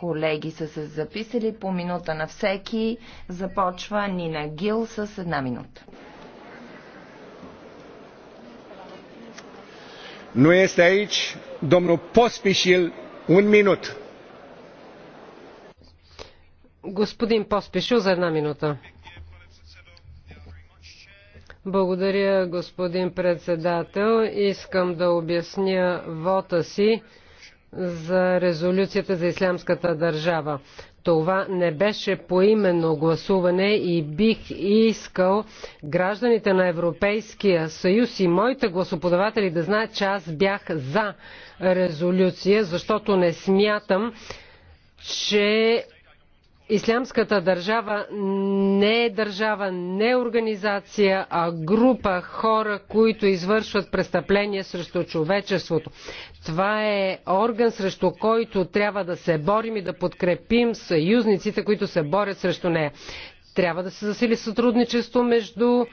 колеги са се записали по минута на всеки. Започва Нина Гил с една минута. Но е стейч, домно поспешил, un минут. Господин Поспешил за една минута. Благодаря, господин председател. Искам да обясня вота си за резолюцията за ислямската държава. Това не беше поименно гласуване и бих искал гражданите на Европейския съюз и моите гласоподаватели да знаят, че аз бях за резолюция, защото не смятам, че Ислямската държава не е държава, не е организация, а група хора, които извършват престъпления срещу човечеството. Това е орган, срещу който трябва да се борим и да подкрепим съюзниците, които се борят срещу нея. Трябва да се засили сътрудничество между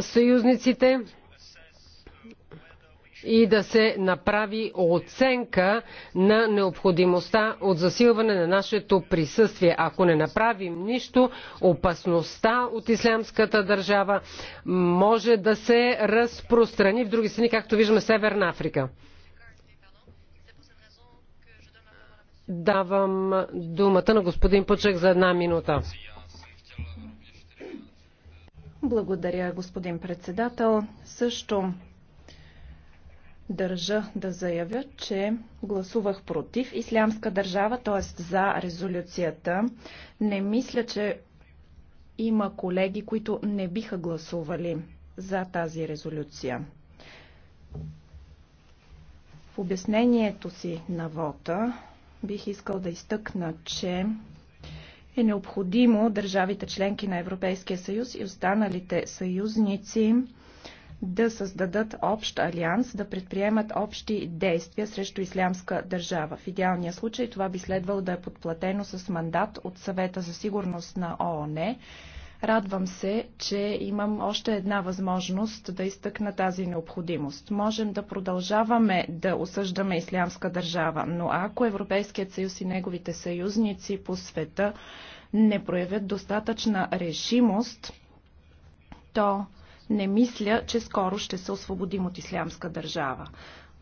съюзниците и да се направи оценка на необходимостта от засилване на нашето присъствие. Ако не направим нищо, опасността от ислямската държава може да се разпространи в други страни, както виждаме Северна Африка. Давам думата на господин Пъчек за една минута. Благодаря, господин председател. Също Държа да заявя, че гласувах против Ислямска държава, т.е. за резолюцията. Не мисля, че има колеги, които не биха гласували за тази резолюция. В обяснението си на вота бих искал да изтъкна, че е необходимо държавите членки на Европейския съюз и останалите съюзници да създадат общ алианс, да предприемат общи действия срещу ислямска държава. В идеалния случай това би следвало да е подплатено с мандат от съвета за сигурност на ООН. Радвам се, че имам още една възможност да изтъкна тази необходимост. Можем да продължаваме да осъждаме ислямска държава, но ако Европейският съюз и неговите съюзници по света не проявят достатъчна решимост, то не мисля, че скоро ще се освободим от ислямска държава.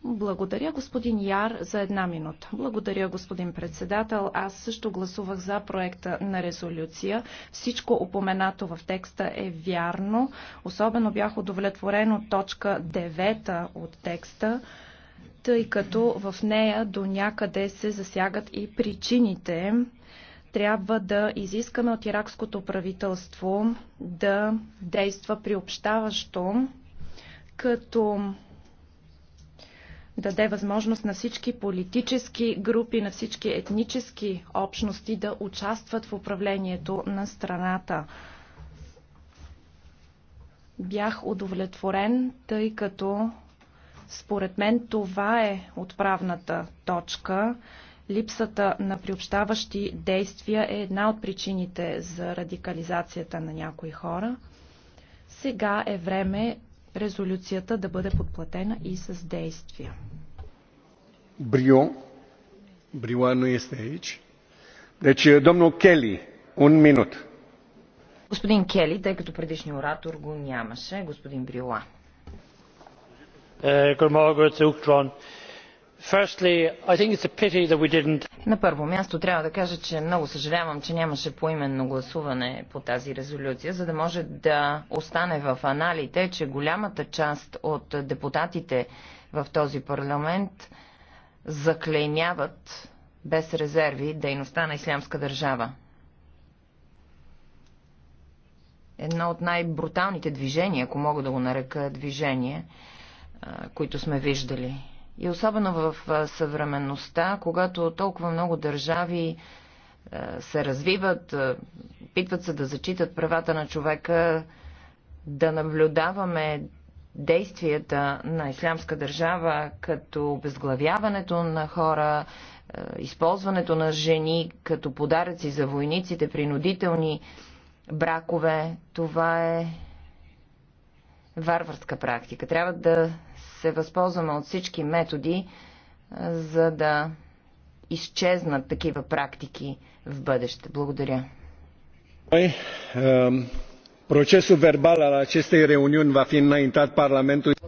Благодаря, господин Яр, за една минута. Благодаря, господин председател. Аз също гласувах за проекта на резолюция. Всичко упоменато в текста е вярно. Особено бях удовлетворен от точка 9 от текста, тъй като в нея до някъде се засягат и причините, трябва да изискаме от иракското правителство да действа приобщаващо, като даде възможност на всички политически групи, на всички етнически общности да участват в управлението на страната. Бях удовлетворен, тъй като според мен това е отправната точка Липсата на приобщаващи действия е една от причините за радикализацията на някои хора. Сега е време резолюцията да бъде подплатена и с действия. Брио. Брио но este aici. Deci, Кели, un минут. Господин Кели, тъй като предишния оратор го нямаше, господин Брила. Е, на първо място трябва да кажа, че много съжалявам, че нямаше поименно гласуване по тази резолюция, за да може да остане в аналите, че голямата част от депутатите в този парламент заклейняват без резерви дейността на Ислямска държава. Едно от най-бруталните движения, ако мога да го нарека движение, които сме виждали и особено в съвременността, когато толкова много държави се развиват, питват се да зачитат правата на човека, да наблюдаваме действията на ислямска държава като обезглавяването на хора, използването на жени като подаръци за войниците, принудителни бракове. Това е варварска практика. Трябва да се възползваме от всички методи, за да изчезнат такива практики в бъдеще. Благодаря. Procesul verbal al acestei reuniuni va fi înaintat Parlamentului.